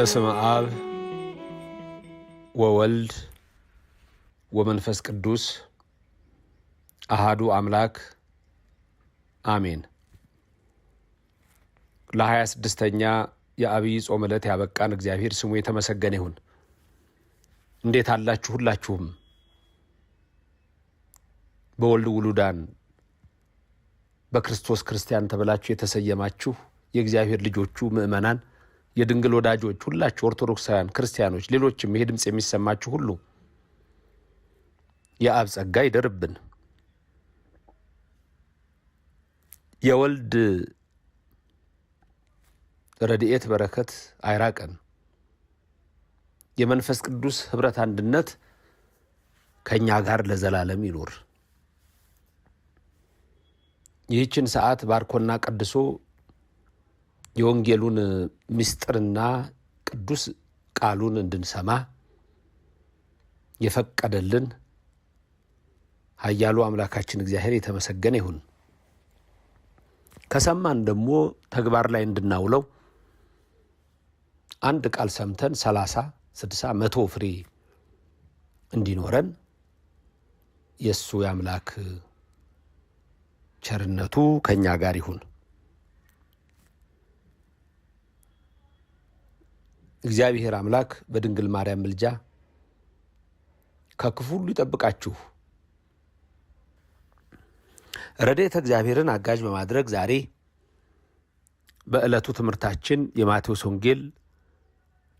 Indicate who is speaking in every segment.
Speaker 1: በስም አብ ወወልድ ወመንፈስ ቅዱስ አሃዱ አምላክ አሜን። ለሀያ ስድስተኛ የአብይ ጾም ዕለት ያበቃን እግዚአብሔር ስሙ የተመሰገነ ይሁን። እንዴት አላችሁ? ሁላችሁም በወልድ ውሉዳን በክርስቶስ ክርስቲያን ተብላችሁ የተሰየማችሁ የእግዚአብሔር ልጆቹ ምእመናን የድንግል ወዳጆች ሁላችሁ ኦርቶዶክሳውያን ክርስቲያኖች፣ ሌሎችም ይሄ ድምፅ የሚሰማችሁ ሁሉ የአብ ጸጋ ይደርብን። የወልድ ረድኤት በረከት አይራቀን። የመንፈስ ቅዱስ ህብረት አንድነት ከእኛ ጋር ለዘላለም ይኖር። ይህችን ሰዓት ባርኮና ቀድሶ የወንጌሉን ምስጢርና ቅዱስ ቃሉን እንድንሰማ የፈቀደልን ኃያሉ አምላካችን እግዚአብሔር የተመሰገነ ይሁን። ከሰማን ደግሞ ተግባር ላይ እንድናውለው አንድ ቃል ሰምተን ሰላሳ ስድሳ መቶ ፍሬ እንዲኖረን የእሱ የአምላክ ቸርነቱ ከእኛ ጋር ይሁን። እግዚአብሔር አምላክ በድንግል ማርያም ምልጃ ከክፉ ሁሉ ይጠብቃችሁ። ረድኤተ እግዚአብሔርን አጋዥ በማድረግ ዛሬ በዕለቱ ትምህርታችን የማቴዎስ ወንጌል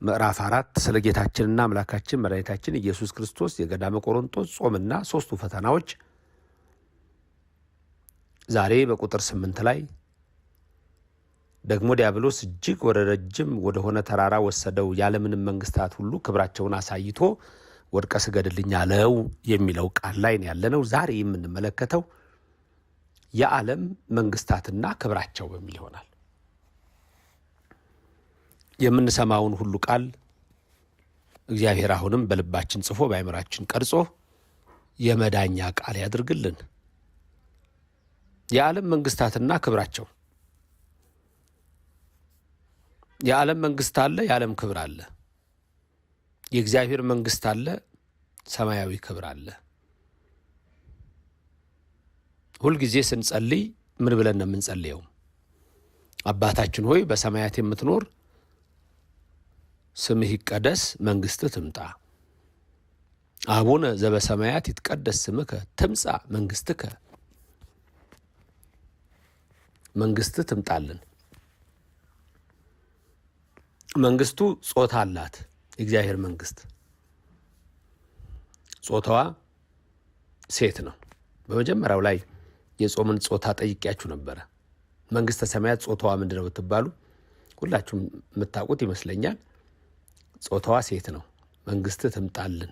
Speaker 1: ምዕራፍ አራት ስለ ጌታችንና አምላካችን መድኃኒታችን ኢየሱስ ክርስቶስ የገዳመ ቆሮንቶስ ጾምና ሦስቱ ፈተናዎች ዛሬ በቁጥር ስምንት ላይ ደግሞ ዲያብሎስ እጅግ ወደ ረጅም ወደሆነ ተራራ ወሰደው፣ ያለምንም መንግስታት ሁሉ ክብራቸውን አሳይቶ ወድቀ ስገድልኝ አለው የሚለው ቃል ላይ ያለነው ዛሬ የምንመለከተው የዓለም መንግስታትና ክብራቸው በሚል ይሆናል። የምንሰማውን ሁሉ ቃል እግዚአብሔር አሁንም በልባችን ጽፎ በአይምራችን ቀርጾ የመዳኛ ቃል ያድርግልን። የዓለም መንግስታትና ክብራቸው የዓለም መንግስት አለ፣ የዓለም ክብር አለ። የእግዚአብሔር መንግስት አለ፣ ሰማያዊ ክብር አለ። ሁልጊዜ ስንጸልይ ምን ብለን ነው የምንጸልየው? አባታችን ሆይ በሰማያት የምትኖር ስምህ ይቀደስ፣ መንግስት ትምጣ። አቡነ ዘበሰማያት ይትቀደስ ስምከ ትምጻ መንግስትከ መንግስት ትምጣልን። መንግስቱ ጾታ አላት። የእግዚአብሔር መንግስት ጾታዋ ሴት ነው። በመጀመሪያው ላይ የጾምን ጾታ ጠይቄያችሁ ነበረ። መንግስተ ሰማያት ጾታዋ ምንድን ነው ብትባሉ ሁላችሁም የምታውቁት ይመስለኛል። ጾታዋ ሴት ነው። መንግስት ትምጣልን፣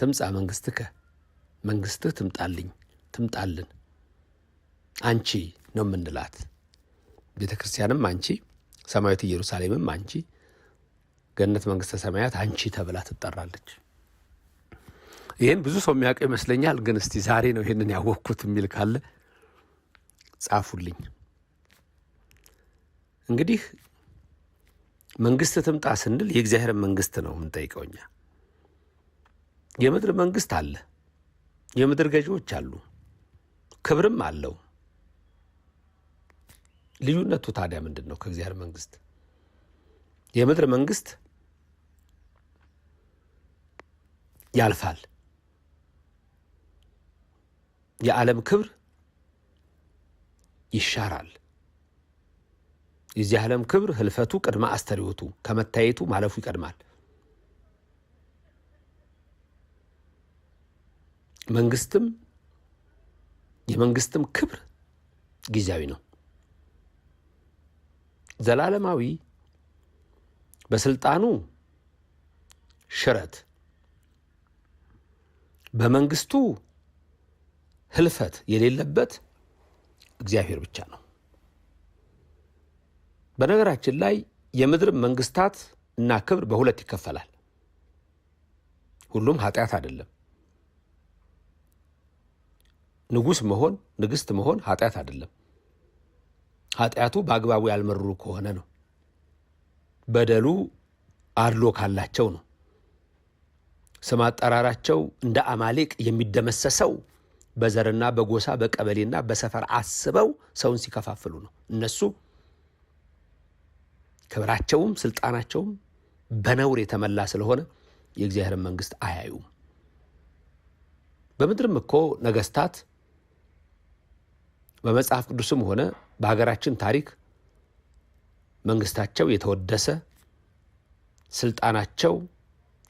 Speaker 1: ትምጻ መንግስትከ፣ መንግስትህ ትምጣልኝ፣ ትምጣልን። አንቺ ነው የምንላት ቤተ ክርስቲያንም አንቺ ሰማያዊት ኢየሩሳሌምም አንቺ፣ ገነት መንግስተ ሰማያት አንቺ ተብላ ትጠራለች። ይህን ብዙ ሰው የሚያውቀው ይመስለኛል፣ ግን እስቲ ዛሬ ነው ይህንን ያወቅኩት የሚል ካለ ጻፉልኝ። እንግዲህ መንግስት ትምጣ ስንል የእግዚአብሔር መንግስት ነው የምንጠይቀው እኛ። የምድር መንግስት አለ፣ የምድር ገዢዎች አሉ፣ ክብርም አለው። ልዩነቱ ታዲያ ምንድን ነው? ከእግዚአብሔር መንግስት የምድር መንግስት ያልፋል። የዓለም ክብር ይሻራል። የዚህ ዓለም ክብር ህልፈቱ ቅድመ አስተርእዮቱ ከመታየቱ ማለፉ ይቀድማል። መንግስትም የመንግስትም ክብር ጊዜያዊ ነው። ዘላለማዊ በስልጣኑ ሽረት፣ በመንግስቱ ህልፈት የሌለበት እግዚአብሔር ብቻ ነው። በነገራችን ላይ የምድር መንግስታት እና ክብር በሁለት ይከፈላል። ሁሉም ኃጢአት አይደለም። ንጉስ መሆን ንግስት መሆን ኃጢአት አይደለም። ኃጢአቱ በአግባቡ ያልመሩ ከሆነ ነው። በደሉ አድሎ ካላቸው ነው። ስም አጠራራቸው እንደ አማሌቅ የሚደመሰሰው በዘርና በጎሳ በቀበሌና በሰፈር አስበው ሰውን ሲከፋፍሉ ነው። እነሱ ክብራቸውም ስልጣናቸውም በነውር የተመላ ስለሆነ የእግዚአብሔር መንግስት አያዩም። በምድርም እኮ ነገስታት በመጽሐፍ ቅዱስም ሆነ በሀገራችን ታሪክ መንግስታቸው የተወደሰ ስልጣናቸው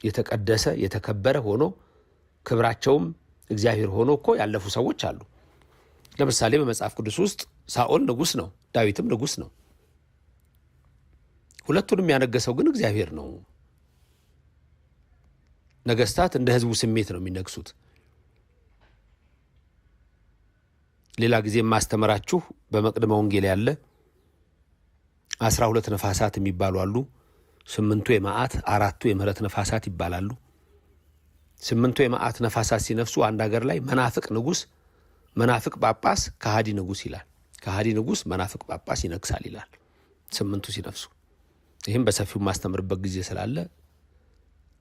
Speaker 1: የተቀደሰ የተከበረ ሆኖ ክብራቸውም እግዚአብሔር ሆኖ እኮ ያለፉ ሰዎች አሉ። ለምሳሌ በመጽሐፍ ቅዱስ ውስጥ ሳኦል ንጉስ ነው፣ ዳዊትም ንጉስ ነው። ሁለቱንም ያነገሰው ግን እግዚአብሔር ነው። ነገስታት እንደ ህዝቡ ስሜት ነው የሚነግሱት። ሌላ ጊዜ የማስተምራችሁ በመቅድመ ወንጌል ያለ አስራ ሁለት ነፋሳት የሚባሉ አሉ። ስምንቱ የመዓት አራቱ የምህረት ነፋሳት ይባላሉ። ስምንቱ የመዓት ነፋሳት ሲነፍሱ አንድ ሀገር ላይ መናፍቅ ንጉስ መናፍቅ ጳጳስ፣ ከሃዲ ንጉስ ይላል። ከሃዲ ንጉስ መናፍቅ ጳጳስ ይነግሳል ይላል ስምንቱ ሲነፍሱ። ይህም በሰፊው የማስተምርበት ጊዜ ስላለ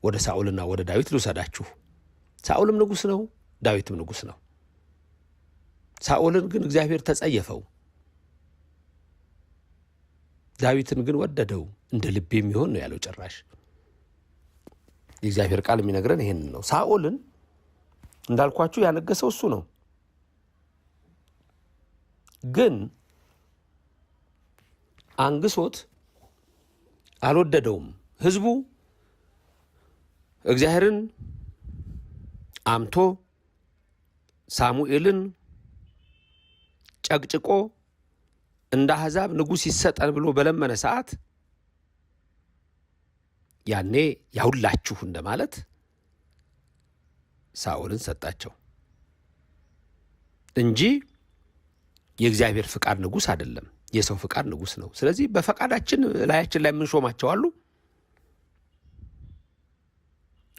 Speaker 1: ወደ ሳኦልና ወደ ዳዊት ልውሰዳችሁ። ሳኦልም ንጉስ ነው፣ ዳዊትም ንጉስ ነው። ሳኦልን ግን እግዚአብሔር ተጸየፈው፣ ዳዊትን ግን ወደደው። እንደ ልቤ የሚሆን ነው ያለው። ጭራሽ የእግዚአብሔር ቃል የሚነግረን ይሄን ነው። ሳኦልን እንዳልኳችሁ ያነገሰው እሱ ነው። ግን አንግሶት አልወደደውም። ህዝቡ እግዚአብሔርን አምቶ ሳሙኤልን ጨቅጭቆ እንደ አሕዛብ ንጉሥ ይሰጠን ብሎ በለመነ ሰዓት ያኔ ያውላችሁ እንደማለት ሳኦልን ሰጣቸው እንጂ የእግዚአብሔር ፍቃድ ንጉሥ አይደለም። የሰው ፍቃድ ንጉሥ ነው። ስለዚህ በፈቃዳችን ላያችን ላይ የምንሾማቸው አሉ።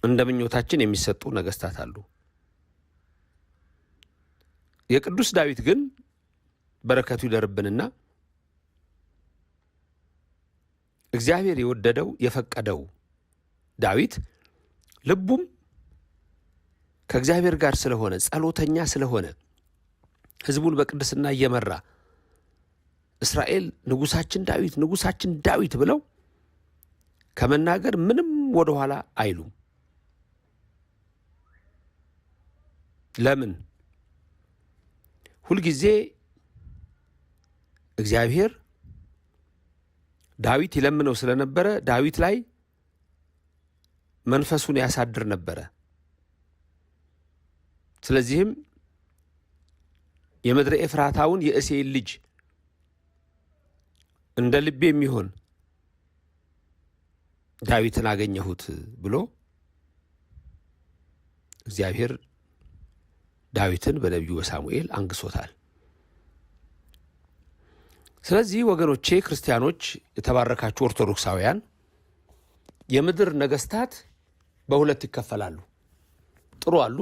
Speaker 1: እንደ ምኞታችን የሚሰጡ ነገስታት አሉ። የቅዱስ ዳዊት ግን በረከቱ ይደርብንና እግዚአብሔር የወደደው የፈቀደው ዳዊት ልቡም ከእግዚአብሔር ጋር ስለሆነ ጸሎተኛ ስለሆነ ሕዝቡን በቅድስና እየመራ እስራኤል ንጉሳችን ዳዊት ንጉሳችን ዳዊት ብለው ከመናገር ምንም ወደኋላ አይሉም። ለምን ሁልጊዜ እግዚአብሔር ዳዊት ይለምነው ስለነበረ ዳዊት ላይ መንፈሱን ያሳድር ነበረ። ስለዚህም የምድረ ኤፍራታውን የእሴይን ልጅ እንደ ልቤ የሚሆን ዳዊትን አገኘሁት ብሎ እግዚአብሔር ዳዊትን በነቢዩ በሳሙኤል አንግሶታል። ስለዚህ ወገኖቼ ክርስቲያኖች፣ የተባረካችሁ ኦርቶዶክሳውያን፣ የምድር ነገስታት በሁለት ይከፈላሉ። ጥሩ አሉ፣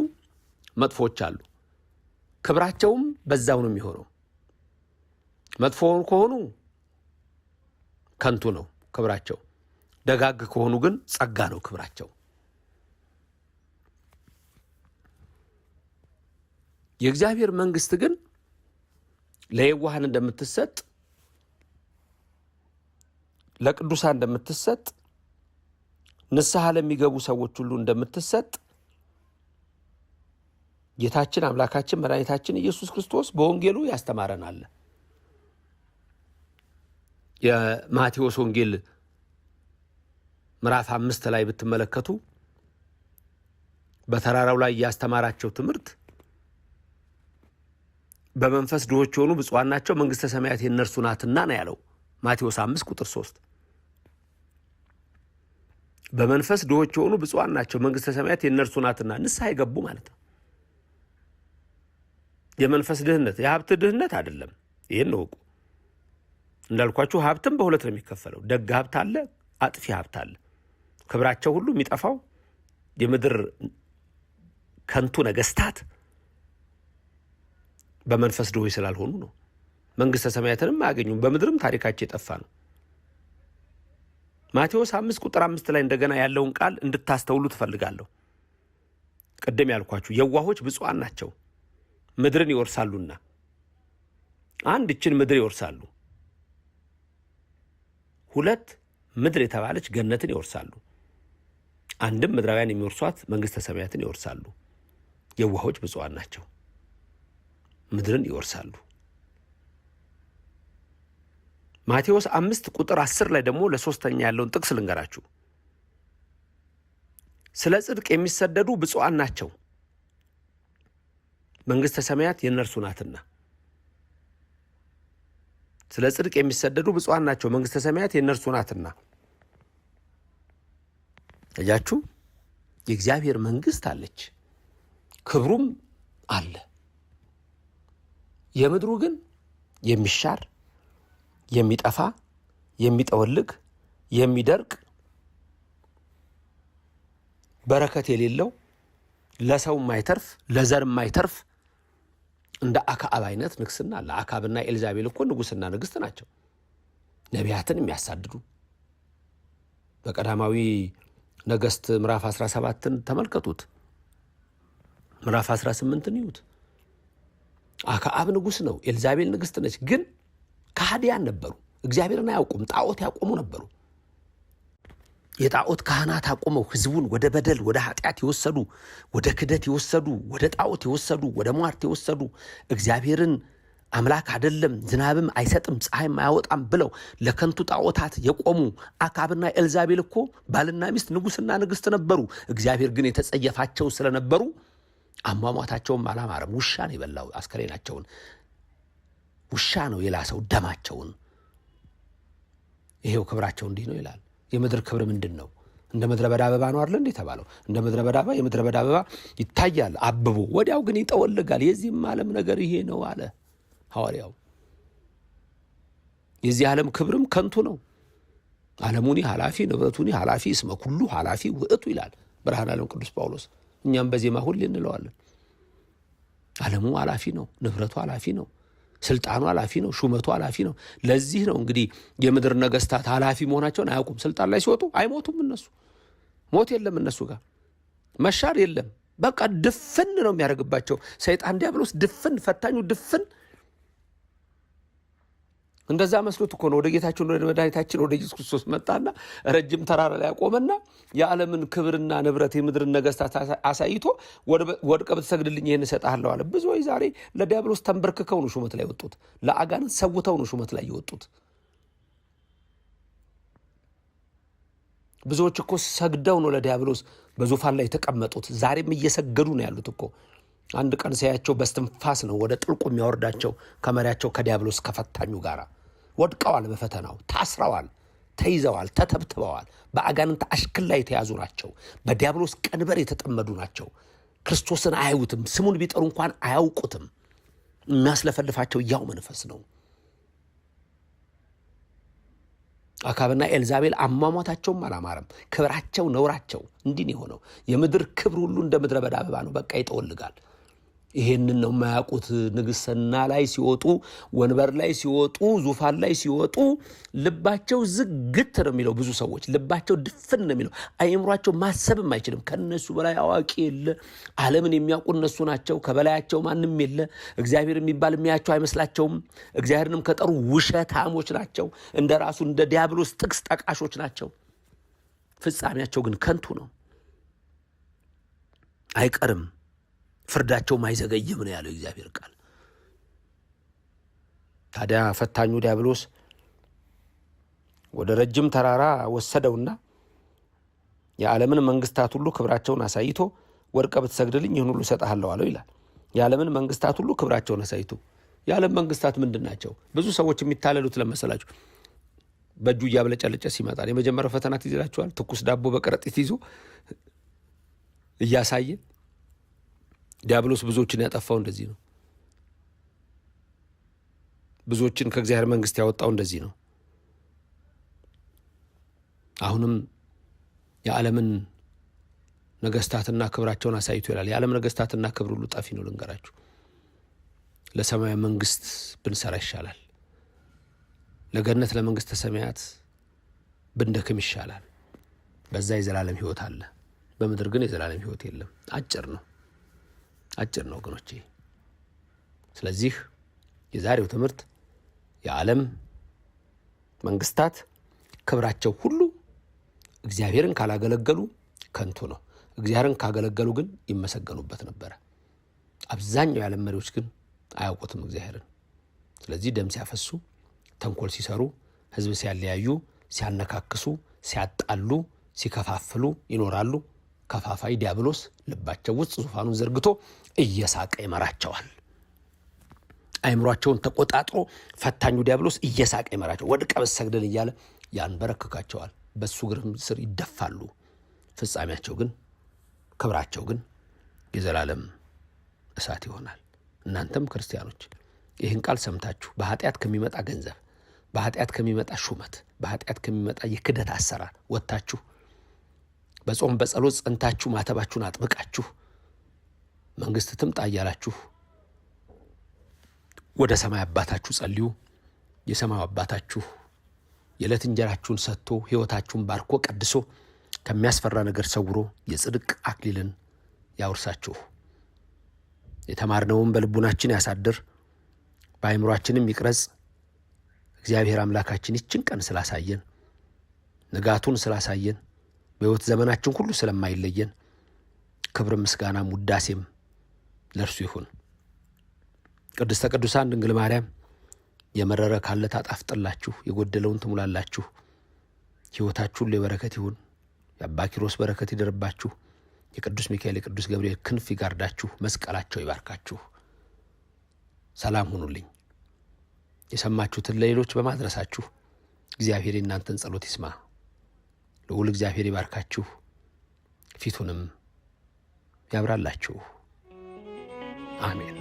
Speaker 1: መጥፎዎች አሉ። ክብራቸውም በዛው ነው የሚሆነው። መጥፎ ከሆኑ ከንቱ ነው ክብራቸው። ደጋግ ከሆኑ ግን ጸጋ ነው ክብራቸው። የእግዚአብሔር መንግስት ግን ለየዋህን እንደምትሰጥ ለቅዱሳ እንደምትሰጥ ንስሐ ለሚገቡ ሰዎች ሁሉ እንደምትሰጥ ጌታችን አምላካችን መድኃኒታችን ኢየሱስ ክርስቶስ በወንጌሉ ያስተማረናል። የማቴዎስ ወንጌል ምዕራፍ አምስት ላይ ብትመለከቱ በተራራው ላይ ያስተማራቸው ትምህርት በመንፈስ ድሆች የሆኑ ብፁዓን ናቸው፣ መንግሥተ ሰማያት የእነርሱ ናትና ነው ያለው ማቴዎስ አምስት ቁጥር ሶስት በመንፈስ ድሆች የሆኑ ብፁዓን ናቸው መንግሥተ ሰማያት የእነርሱ ናትና። ንስሐ የገቡ ማለት ነው። የመንፈስ ድህነት የሀብት ድህነት አይደለም። ይህን እወቁ። እንዳልኳችሁ ሀብትም በሁለት ነው የሚከፈለው። ደግ ሀብት አለ፣ አጥፊ ሀብት አለ። ክብራቸው ሁሉ የሚጠፋው የምድር ከንቱ ነገስታት በመንፈስ ድሆች ስላልሆኑ ነው። መንግሥተ ሰማያትንም አያገኙም። በምድርም ታሪካቸው የጠፋ ነው። ማቴዎስ አምስት ቁጥር አምስት ላይ እንደገና ያለውን ቃል እንድታስተውሉ ትፈልጋለሁ። ቅድም ያልኳችሁ የዋሆች ብፁዓን ናቸው ምድርን ይወርሳሉና፣ አንድ ይችን ምድር ይወርሳሉ፣ ሁለት ምድር የተባለች ገነትን ይወርሳሉ፣ አንድም ምድራውያን የሚወርሷት መንግሥተ ሰማያትን ይወርሳሉ። የዋሆች ብፁዓን ናቸው ምድርን ይወርሳሉ። ማቴዎስ አምስት ቁጥር አስር ላይ ደግሞ ለሶስተኛ ያለውን ጥቅስ ልንገራችሁ። ስለ ጽድቅ የሚሰደዱ ብፁዓን ናቸው መንግሥተ ሰማያት የእነርሱ ናትና። ስለ ጽድቅ የሚሰደዱ ብፁዓን ናቸው መንግሥተ ሰማያት የእነርሱ ናትና። እያችሁ የእግዚአብሔር መንግሥት አለች፣ ክብሩም አለ። የምድሩ ግን የሚሻር የሚጠፋ የሚጠወልግ የሚደርቅ በረከት የሌለው ለሰው ማይተርፍ ለዘር ማይተርፍ እንደ አክዓብ አይነት ንግስና አለ። አክዓብና ኤልዛቤል እኮ ንጉስና ንግስት ናቸው፣ ነቢያትን የሚያሳድዱ በቀዳማዊ ነገስት ምዕራፍ 17ን ተመልከቱት፣ ምዕራፍ 18ን ይዩት። አክዓብ ንጉስ ነው፣ ኤልዛቤል ንግስት ነች ግን ከሃዲያን ነበሩ። እግዚአብሔርን አያውቁም፣ ጣዖት ያቆሙ ነበሩ። የጣዖት ካህናት አቁመው ህዝቡን ወደ በደል፣ ወደ ኃጢአት የወሰዱ ወደ ክደት የወሰዱ ወደ ጣዖት የወሰዱ ወደ ሟርት የወሰዱ እግዚአብሔርን አምላክ አይደለም፣ ዝናብም አይሰጥም፣ ፀሐይም አያወጣም ብለው ለከንቱ ጣዖታት የቆሙ አካብና ኤልዛቤል እኮ ባልና ሚስት ንጉሥና ንግሥት ነበሩ። እግዚአብሔር ግን የተጸየፋቸው ስለነበሩ አሟሟታቸውም አላማረም። ውሻ ነው የበላው አስከሬናቸውን። ውሻ ነው የላሰው ደማቸውን። ይሄው ክብራቸው እንዲህ ነው ይላል። የምድር ክብር ምንድን ነው? እንደ ምድረ በዳ አበባ ነው አለ እንዴ የተባለው? እንደ ምድረ በዳ አበባ የምድረ በዳ አበባ ይታያል አብቦ፣ ወዲያው ግን ይጠወልጋል። የዚህም ዓለም ነገር ይሄ ነው አለ ሐዋርያው። የዚህ ዓለም ክብርም ከንቱ ነው። ዓለሙኒ ኃላፊ ንብረቱኒ ኃላፊ እስመ ኩሉ ኃላፊ ውእቱ ይላል ብርሃን ዓለም ቅዱስ ጳውሎስ። እኛም በዜማ ሁሌ እንለዋለን። ዓለሙ ኃላፊ ነው፣ ንብረቱ ኃላፊ ነው፣ ስልጣኑ ኃላፊ ነው። ሹመቱ ኃላፊ ነው። ለዚህ ነው እንግዲህ የምድር ነገስታት ኃላፊ መሆናቸውን አያውቁም። ስልጣን ላይ ሲወጡ አይሞቱም። እነሱ ሞት የለም፣ እነሱ ጋር መሻር የለም። በቃ ድፍን ነው የሚያደርግባቸው ሰይጣን ዲያብሎስ። ድፍን ፈታኙ ድፍን እንደዛ መስሎት እኮ ነው ወደ ጌታችን ወደ መድኃኒታችን ወደ ኢየሱስ ክርስቶስ መጣና ረጅም ተራራ ላይ ያቆመና የዓለምን ክብርና ንብረት የምድርን ነገስታት አሳይቶ ወድቀ ብትሰግድልኝ ይህን እሰጥሃለሁ አለ። ብዙዎች ዛሬ ለዲያብሎስ ተንበርክከው ነው ሹመት ላይ የወጡት፣ ለአጋንንት ሰውተው ነው ሹመት ላይ የወጡት። ብዙዎች እኮ ሰግደው ነው ለዲያብሎስ በዙፋን ላይ የተቀመጡት። ዛሬም እየሰገዱ ነው ያሉት እኮ አንድ ቀን ሲያያቸው በስትንፋስ ነው ወደ ጥልቁ የሚያወርዳቸው ከመሪያቸው ከዲያብሎስ ከፈታኙ ጋራ። ወድቀዋል፣ በፈተናው ታስረዋል፣ ተይዘዋል፣ ተተብትበዋል። በአጋንንት አሽክላ የተያዙ ናቸው። በዲያብሎስ ቀንበር የተጠመዱ ናቸው። ክርስቶስን አያዩትም። ስሙን ቢጠሩ እንኳን አያውቁትም። የሚያስለፈልፋቸው ያው መንፈስ ነው። አካብና ኤልዛቤል አሟሟታቸውም አላማረም። ክብራቸው፣ ነውራቸው እንዲህ የሆነው የምድር ክብር ሁሉ እንደ ምድረ በዳ አበባ ነው። በቃ ይጠወልጋል። ይሄንን ነው የማያውቁት። ንግሥና ላይ ሲወጡ፣ ወንበር ላይ ሲወጡ፣ ዙፋን ላይ ሲወጡ ልባቸው ዝግት ነው የሚለው። ብዙ ሰዎች ልባቸው ድፍን ነው የሚለው። አይምሯቸው ማሰብም አይችልም። ከነሱ በላይ አዋቂ የለ። ዓለምን የሚያውቁ እነሱ ናቸው። ከበላያቸው ማንም የለ። እግዚአብሔር የሚባል የሚያቸው አይመስላቸውም። እግዚአብሔርንም ከጠሩ ውሸታሞች ናቸው። እንደ ራሱ እንደ ዲያብሎስ ጥቅስ ጠቃሾች ናቸው። ፍጻሜያቸው ግን ከንቱ ነው፣ አይቀርም። ፍርዳቸውም አይዘገይም ነው ያለው እግዚአብሔር ቃል። ታዲያ ፈታኙ ዲያብሎስ ወደ ረጅም ተራራ ወሰደውና የዓለምን መንግስታት ሁሉ ክብራቸውን አሳይቶ ወድቀ ብትሰግድልኝ ይህን ሁሉ እሰጥሃለሁ አለው ይላል። የዓለምን መንግስታት ሁሉ ክብራቸውን አሳይቶ የዓለም መንግስታት ምንድን ናቸው? ብዙ ሰዎች የሚታለሉት ለመሰላችሁ በእጁ እያብለጨለጨ ሲመጣል የመጀመሪያው ፈተናት ይዝላችኋል። ትኩስ ዳቦ በከረጢት ይዞ እያሳየ ዲያብሎስ ብዙዎችን ያጠፋው እንደዚህ ነው። ብዙዎችን ከእግዚአብሔር መንግስት ያወጣው እንደዚህ ነው። አሁንም የዓለምን ነገስታትና ክብራቸውን አሳይቶ ይላል። የዓለም ነገስታትና ክብር ሁሉ ጠፊ ነው። ልንገራችሁ፣ ለሰማያዊ መንግስት ብንሰራ ይሻላል። ለገነት ለመንግስተ ሰማያት ብንደክም ይሻላል። በዛ የዘላለም ህይወት አለ። በምድር ግን የዘላለም ህይወት የለም። አጭር ነው። አጭር ነው ወገኖቼ። ስለዚህ የዛሬው ትምህርት የዓለም መንግስታት ክብራቸው ሁሉ እግዚአብሔርን ካላገለገሉ ከንቱ ነው። እግዚአብሔርን ካገለገሉ ግን ይመሰገኑበት ነበረ። አብዛኛው የዓለም መሪዎች ግን አያውቁትም እግዚአብሔርን። ስለዚህ ደም ሲያፈሱ፣ ተንኮል ሲሰሩ፣ ህዝብ ሲያለያዩ፣ ሲያነካክሱ፣ ሲያጣሉ፣ ሲከፋፍሉ ይኖራሉ። ከፋፋይ ዲያብሎስ ልባቸው ውስጥ ዙፋኑን ዘርግቶ እየሳቀ ይመራቸዋል። አይምሯቸውን ተቆጣጥሮ ፈታኙ ዲያብሎስ እየሳቀ ይመራቸው ወድቀ በሰግደን እያለ ያንበረክካቸዋል። በሱ እግርም ስር ይደፋሉ። ፍጻሜያቸው ግን ክብራቸው ግን የዘላለም እሳት ይሆናል። እናንተም ክርስቲያኖች ይህን ቃል ሰምታችሁ በኃጢአት ከሚመጣ ገንዘብ፣ በኃጢአት ከሚመጣ ሹመት፣ በኃጢአት ከሚመጣ የክደት አሰራር ወጥታችሁ በጾም በጸሎት ጸንታችሁ ማተባችሁን አጥብቃችሁ መንግስት ትምጣ እያላችሁ ወደ ሰማይ አባታችሁ ጸልዩ። የሰማዩ አባታችሁ የዕለት እንጀራችሁን ሰጥቶ ሕይወታችሁን ባርኮ ቀድሶ ከሚያስፈራ ነገር ሰውሮ የጽድቅ አክሊልን ያውርሳችሁ። የተማርነውን በልቡናችን ያሳድር፣ በአይምሯችንም ይቅረጽ። እግዚአብሔር አምላካችን ይችን ቀን ስላሳየን ንጋቱን ስላሳየን በሕይወት ዘመናችን ሁሉ ስለማይለየን ክብር፣ ምስጋና፣ ውዳሴም ለእርሱ ይሁን። ቅድስተ ቅዱሳን ድንግል ማርያም የመረረ ካለ ታጣፍጥላችሁ፣ የጎደለውን ትሙላላችሁ። ሕይወታችሁ ሁሉ የበረከት ይሁን። የአባ ኪሮስ በረከት ይደርባችሁ። የቅዱስ ሚካኤል የቅዱስ ገብርኤል ክንፍ ይጋርዳችሁ። መስቀላቸው ይባርካችሁ። ሰላም ሁኑልኝ። የሰማችሁትን ለሌሎች በማድረሳችሁ እግዚአብሔር የእናንተን ጸሎት ይስማ። ልዑል እግዚአብሔር ይባርካችሁ፣ ፊቱንም ያብራላችሁ። አሜን።